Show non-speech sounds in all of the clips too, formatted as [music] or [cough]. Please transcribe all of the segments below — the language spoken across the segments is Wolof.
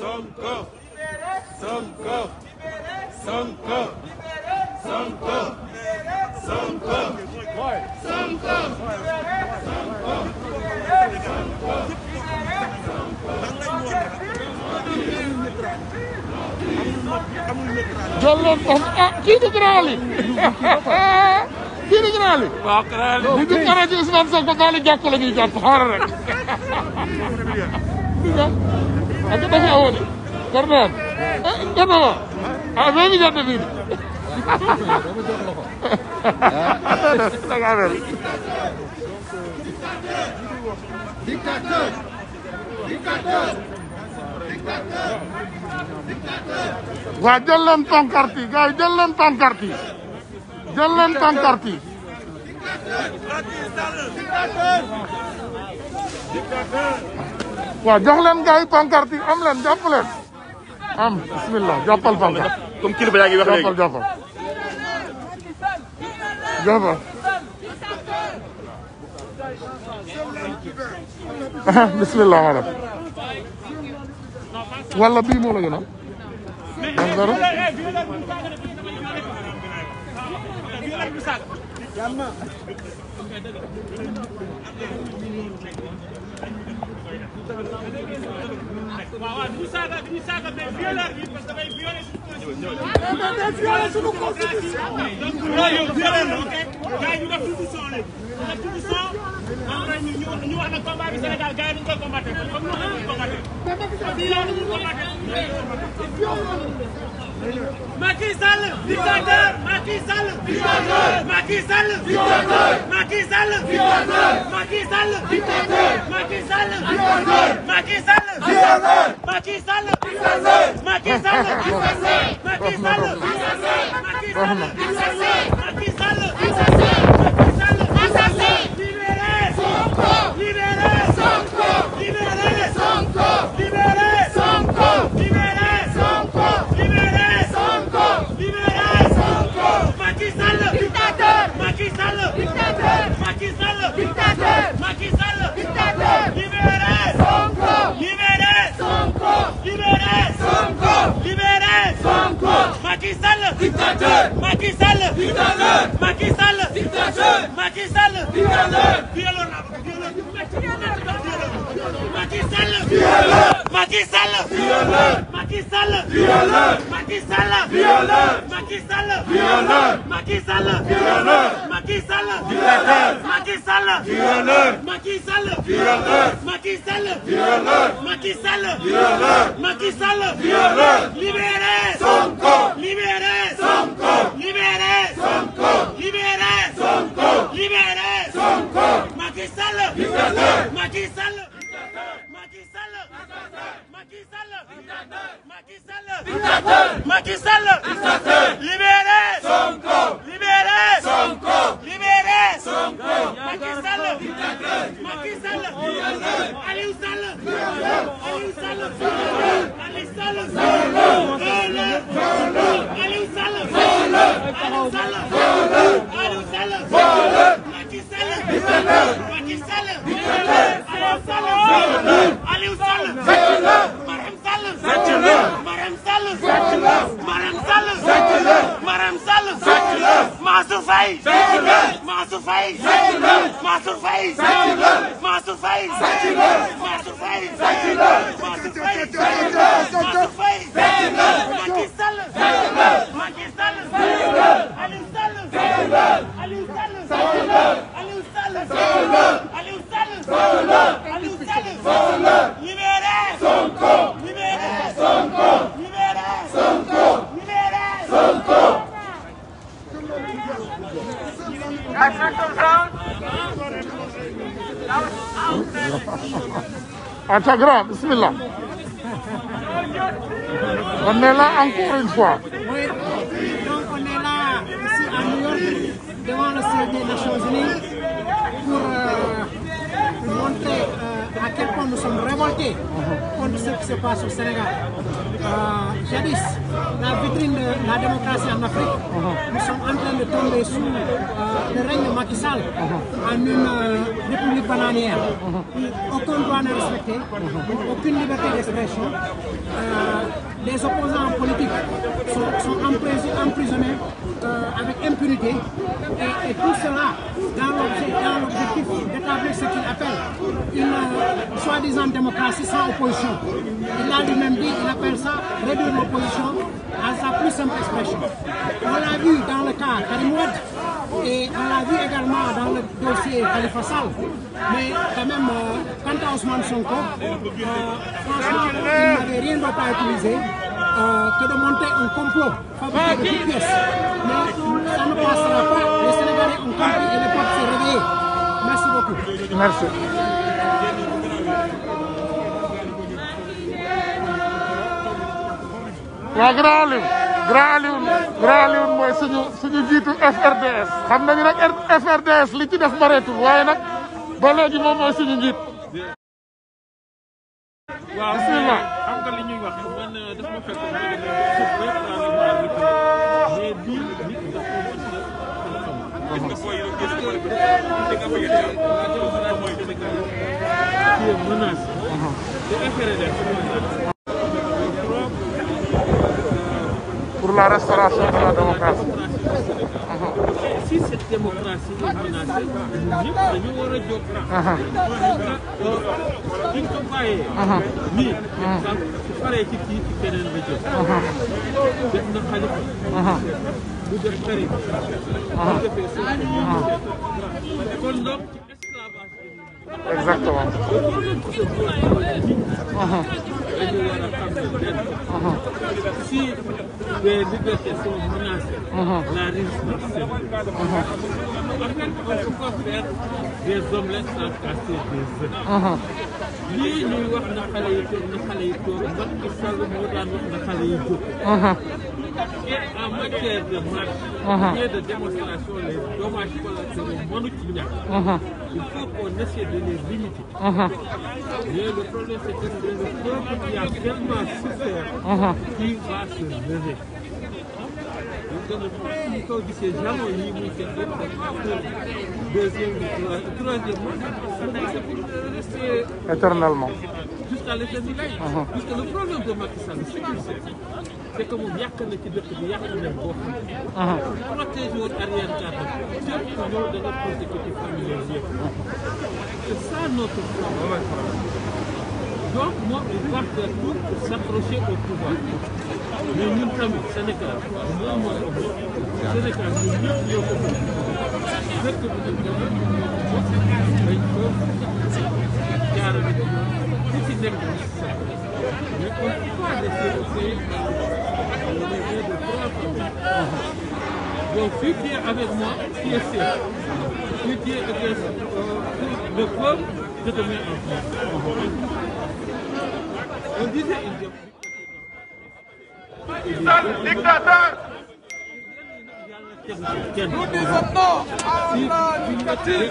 Sonko Sonko Sonko Sonko Sonko Sonko jolloon of ah kii di Dramé [laughs] kii di Dramé. waaw Dramé bu ñu ko rajo Ousmane Sonko daal di jàpp la ñuy jàpp xaaral rek. [laughs] 아까 다시 아오네 가르마 가르마 아 왜니 잡네 비리 나가면 dictateur dictateur dictateur waa jël leen pancarte yi gars yi jël leen pancarte yi jël leen pancarte yi dictateur dictateur waaw jox leen gars yi pancarte yi am leen jàpp leen am bismillah jàppal pancarte. comme kilifa yaa ngi wax léegi jàppal jàppal. jàppal. [laughs] bismillah madam wala bii moo la gën a am. waaw waaw du ñu saaga du ñu saaga mais violeur bi parce que dafay violer suñu constitution. mais mais day violer suñu constitution. donc loolu yow violeur la ok gars yi ñu def discussion léegi. ñu def discussion après ñu ñu wax nag combat bi Sénégal gars yi ñu koy combattre comme ñu wax la ñu koy combattre. parce que yéen a ngi koy combattre. Macky Sall dictateur Macky Sall dictateur Macky Sall dictateur Macky Sall dictateur Macky Sall dictateur Macky Sall dictateur Macky Sall dictateur Macky Sall dictateur Macky Sall dictateur Macky Sall dictateur Macky Sall dictateur Dictateur Macky Sall Dictateur Macky Sall Dictateur Macky Sall Dictateur violon la violon Macky Sall violon Macky Sall violon Macky Sall. violeur. Macky Sall. violeur. Macky Sall. violeur. Macky Sall. violeur. Macky Sall. violeur. Macky Sall. violeur. Macky Sall. violeur. Macky Sall. violeur. Macky Sall. violeur. Macky Sall. violeur. Libéré. Sonko. Libéré. Sonko. Libéré. Sonko. Libéré. Sonko. Libéré. Sonko. Macky Sall. violeur. Macky Sall. Macky Sall dictateur Macky Sall dictateur Macky Sall Mansour Faye. sàcc la Mansour Faye. sàcc la Mansour Faye. sàcc la Mansour Faye. sàcc la Mansour Faye. sàcc la Mansour Faye. sàcc la Mansour Faye. sàcc la Macky Sall. sàcc la Macky Sall. sàcc la Aliou Sall. sàcc la Aliou Sall. sàcc la Aliou Sall. sàcc la Aliou Sall. sàcc la Aliou Sall. sàcc la libéré. Sonko. libéré. Sonko. libéré. Sonko. libéré. Sonko. Aca ah, grand bismillah on est là encore une fois oui donc on est là ici à New York devant le siège des Nations Unies pour euh, montrer euh, à quel point nous sommes révoltés contre ce qui se passe au Sénégal euh, jadis la vitrine de la démocratie en Afrique. Uh -huh. sommes en train de tomber sous euh, le règne de uh-huh. en une euh, république bananière. Uh-huh. Aucun droit n'est respecté, uh-huh. aucune liberté d'expression. Euh, les opposants politiques sont, emprisonnés, euh, avec impunité et, tout cela dans l'objectif d'établir ce qu'il appelle une soi-disant démocratie sans opposition. Il a lui-même il appelle ça pas réduire l'opposition à sa plus simple expression. On dans le cas Karim Wade et on l'a vu également dans le dossier Khalifa Sall. Mais quand même, euh, quant à Ousmane Sonko, euh, franchement, il n'avait rien d'autre à utiliser euh, que de monter un complot fabriqué de toutes pièces. Mais ça ne passera pas. Les Sénégalais ont compris et le peuple s'est réveillé. Merci beaucoup. Merci. waaw grand Alioune grand Alioune grand Alioune mooy suñu suñu jiitu FRDS xam nañu nag FRDS li ci def bareetul waaye nag ba léegi mooy suñu ñuy wax euh, pour la restauration de la démocratie. si cette démocratie est menacée ñëpp dañu war a jóg. parce que buñ ko bàyyee. Uh-huh. nii. sànq uh-huh. su paree ci kii ci keneen la jóg. Uh-huh. def na Khalifa. bu def Karim. bu defee Sonko. kon donc. Exactement. Si les libertés sont menacées, la résistance On se confère des omelettes sans casser des œufs. lii ñuy wax na xale yi toog na xale yi toog Macky Sall moo daan wax na xale yi jóg. en matière de marche et de démonstration, les dommages collatéraux mënuñ ci ñàkk. il faut qu'on essaie de les limiter. mais le problème c'est que c'est le peuple qui a tellement souffert qui va se lever. ñu ko gisee jamono yi muy fekk yëpp deuxième troisième mois c'est pour rester éternellement jusqu'à l'éternel. Ah ah. Parce que le problème de Macky Sall, ce qu'il sait, c'est que moom yàq na ci dëkk bi yàq na boo xam ne. Ah protégé woon arrière garde fépp ñëw da nga prosécutif familial yëpp. C'est ça notre problème. donc moom il va faire tout pour s'accrocher au pouvoir. mais ñun tamit Sénégal moom mooy ko moom. Sénégal ñun ñëpp ñoo ko moom. dëkk bi dañ ko jaarale Donc celui qui est avec moi, qui est safe. Celui qui est avec euh, le club, je te mets en place. On disait il y a... dictateur Nous disons non à la dictature.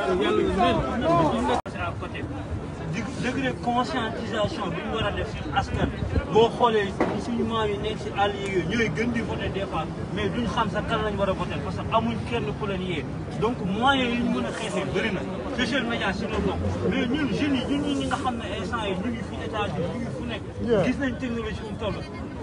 degré conscientisation bi ñu war a def si askan boo xoolee suñu maam yi nekk si àll yooyu ñooy gën di voté des fois mais duñ xam sa kan lañ war a voté parce que amuñ kenn ku leen yee donc moyens yi ñu a xeexee bëri na social media si la bokk mais ñun jeunes yi ñun nga xam ne instant yi ñu ngi fu nekk gis nañ technologie um toll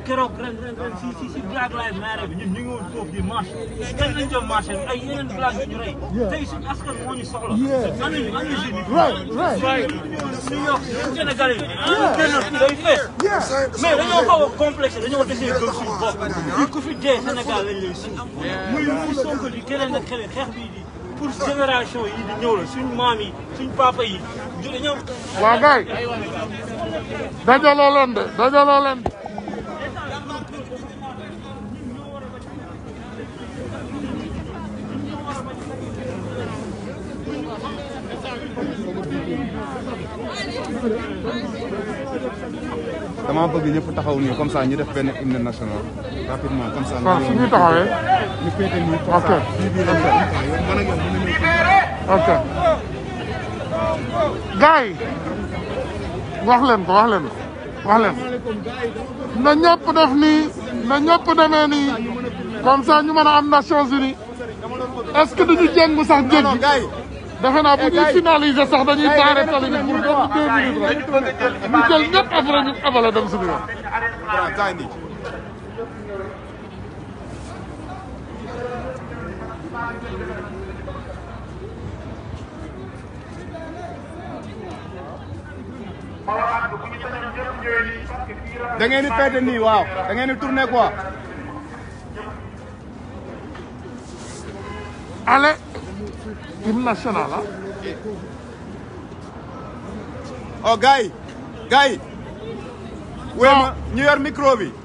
keroog ren ren ren si si si Black Lives Matter bi ñun ñu ngi woon foofu di marché kañ lañ doon marché bi ay yeneen black ñu rey tey suñu askan moo ñu soxla am nañu am nañu jeune yi New York Sénégal yi génn day fees mais dañoo xaw a complexe dañoo desee gëm suñu bopp fii ku fi dee Sénégal lañ lay suuf muy muy Sonko di keneen ak keneen xeex bii di pour génération yi di ñëw la suñu maam yi suñu papa yi dañoo waa gars dajaloo leen de dajaloo leen de dama bëgg ñëpp taxaw nii comme ça ñu def benn hymne national rapidement ñu taxawee. ñu féete nii comme ça bii bii lañ ok gars yi leen ko wax leen ko wax na ñëpp def nii na ñëpp demee nii comme ça ñu mën a am Nations Unies est-ce que duñu jéngu sax jéggi. defe naa bu ñuy finaliser sax dañuy taare tali bi pour doon deux minutes rek ñu jël ñëpp après ñu abala dem suñu yoon. da ngeen di perte nii waaw da ngeen di tourner quoi. allez. hymne national ah. Eh. oh gars yi gars yi. wéy ma ñu yor micro bi. Ah. Ah.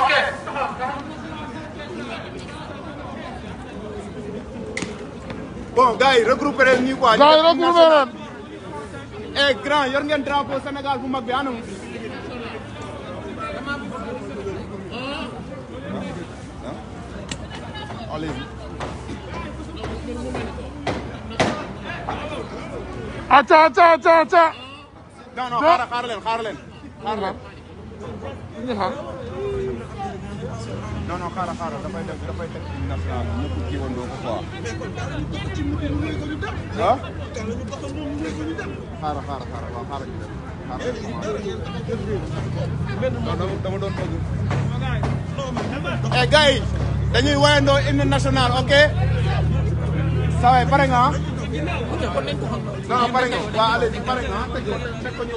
ok. bon gars yi regroupé leen nii quoi. gars eh, grand yor ngeen drapeau Sénégal bu mag bi ana Allez-y. Attends, attends, attends, attends. Non, non, xaaral xaaral leen xaaral leen. xaaral leen. non non xaaral xaaral dafay def dafay teg ci national bi ñëpp jiwandoo ko quoi. ah. xaaral xaaral xaaral waaw xaaral ñu dem. xaaral ñu dem. non dama doon toog. eh gars yi. dañuy woyandoo hymne national ok saa waay pare nga ah. pare nga waaw allez pare nga ah ko teg ko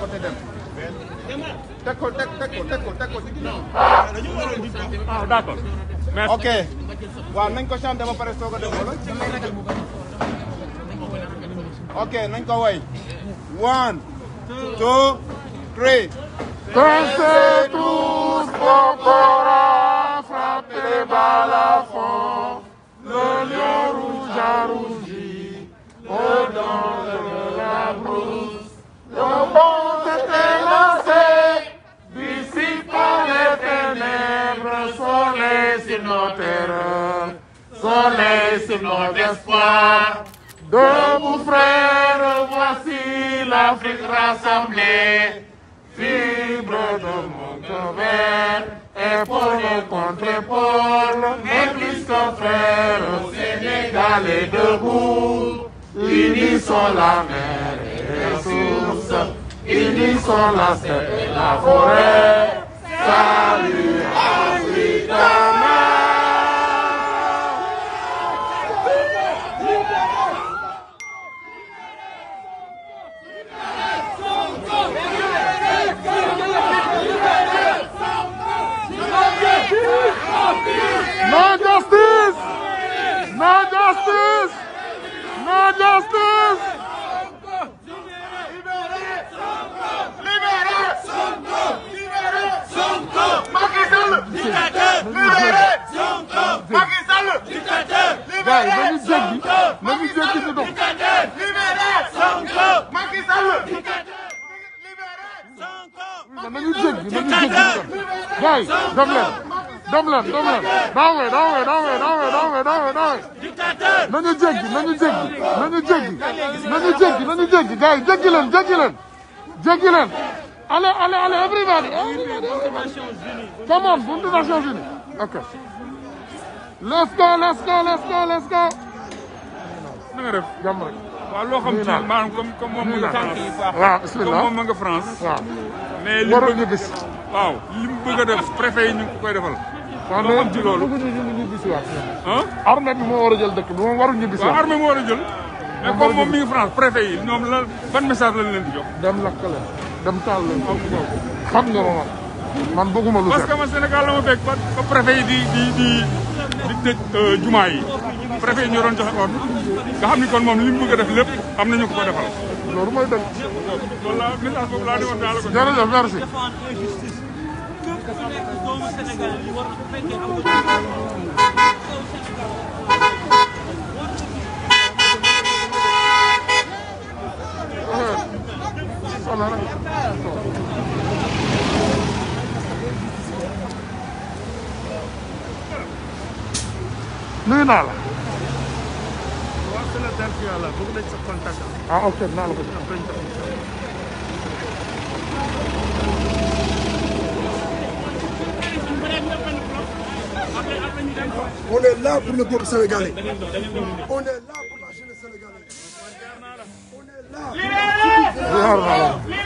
ko te dem. teg ko teg ko teg ko teg ko ci ginnaaw. ah d'accord. merci ok waaw ba pare soog a dem wala. ok nañ ko woy. one two three. Dansez tous vos sacré balafon, le lion rouge a rougi, au danger de la brousse. Le bon s'était lancé, dissipant les ténèbres, soleil sur nos terreurs, soleil sur nos espoirs. Debout frères, voici l'Afrique rassemblée, fibre de mon cœur épaule contre épaule, mais e plus qu'un frère, Sénégal est debout. Unissons la mer et les sources, unissons la serre la forêt. Salut Africa! nañu jéggi nañu jéggi gars yi dem leen dem leen dem leen daawee daawee daawee daawee daawee daawee daawee nañu jéggi nañu jéggi nañu jéggi nañu jéggi nañu jéggi gars yi jéggi leen jéggi leen jéggi leen allez allez allez everybody come on buntu Nations Unies ok let's go let's go let's go let's go na nga def jàmm rek waaw loo xam ci nga tànk yi baax comme moom ma nga France mais li bëgg waaw li mu a def préfet yi ñu ko koy defal loo xam ci loolu bëgguñu ñu bisi waat ah armée bi moo a jël dëkk bi moom waru ñu bisi waat armée moo a jël mais comme moom mi ngi France préfet yi la ban message lañ leen di jox dem lakk leen dem taal leen xam nga ma man bëgguma lu parce man Sénégal la ma fekk ba préfet yi di di di tëj euh, jumaa yi préfet ñoo doon joxe ordre ni kon moom li mu bëgg def lépp am nañu ko ko defal. loolu mooy dëgg. loolu la nuyu naa la. waaw c'est la dal ci yàlla bëgg nañ sa contact. ah ok naa la ko On est là pour le peuple sénégalais. On est là pour la jeunesse sénégalaise. On est là.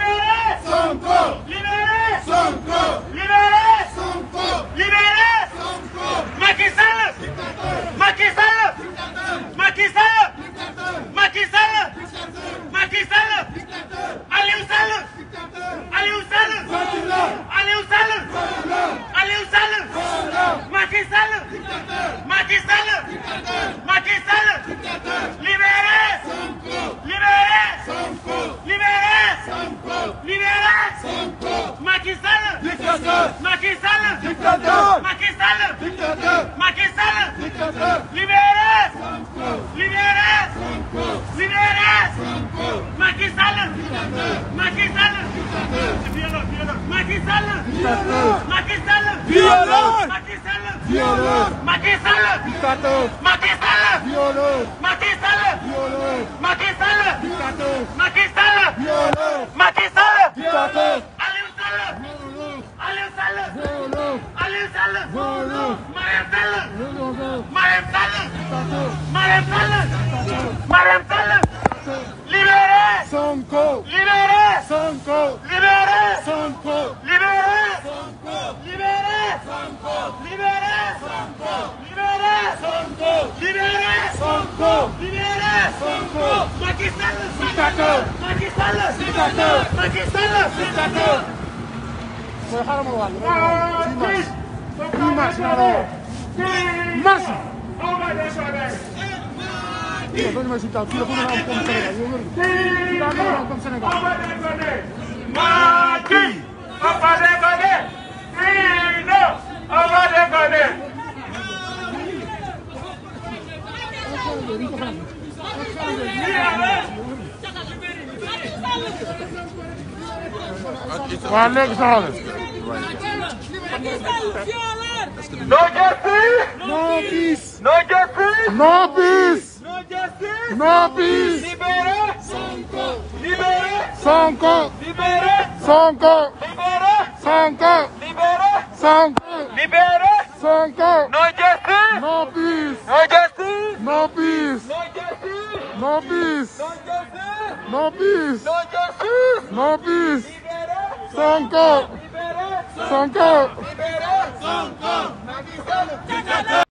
Macky Sall. dictateur Aliou Sall. dictateur Aliou Sall. voleur Aliou Sall. voleur Aliou Sall. voleur Macky Sall. dictateur Macky Sall. dictateur Macky Sall. dictateur libéré. Sonko Marème libéré Sonko libéré Sonko libéré Sonko libéré Sonko libéré Sonko libéré Sonko libéré Sonko libéré Sonko libéré Sonko Macky Sall dictateur Macky Sall dictateur Macky Sall dictateur mooy xaaral ma wàll ma wàll. 10 mars 10 mars. 10 mars. benn résultat fii la ko mën a am comme Sénégal yow loolu fii la ko mën a am comme Sénégal. Mati Papa Dembélé Sino Papa Dembélé. waaw léegi soxla. doo jël fii. non fii. doo jël fii. non. Marquez Nobis Libéré Sonko Libéré Sonko Libéré Sonko Libéré Sonko Libéré Sonko Libéré Sonko No justice No peace No justice No peace No peace No peace No peace Sonko Sonko Libéré Sonko Macky Sall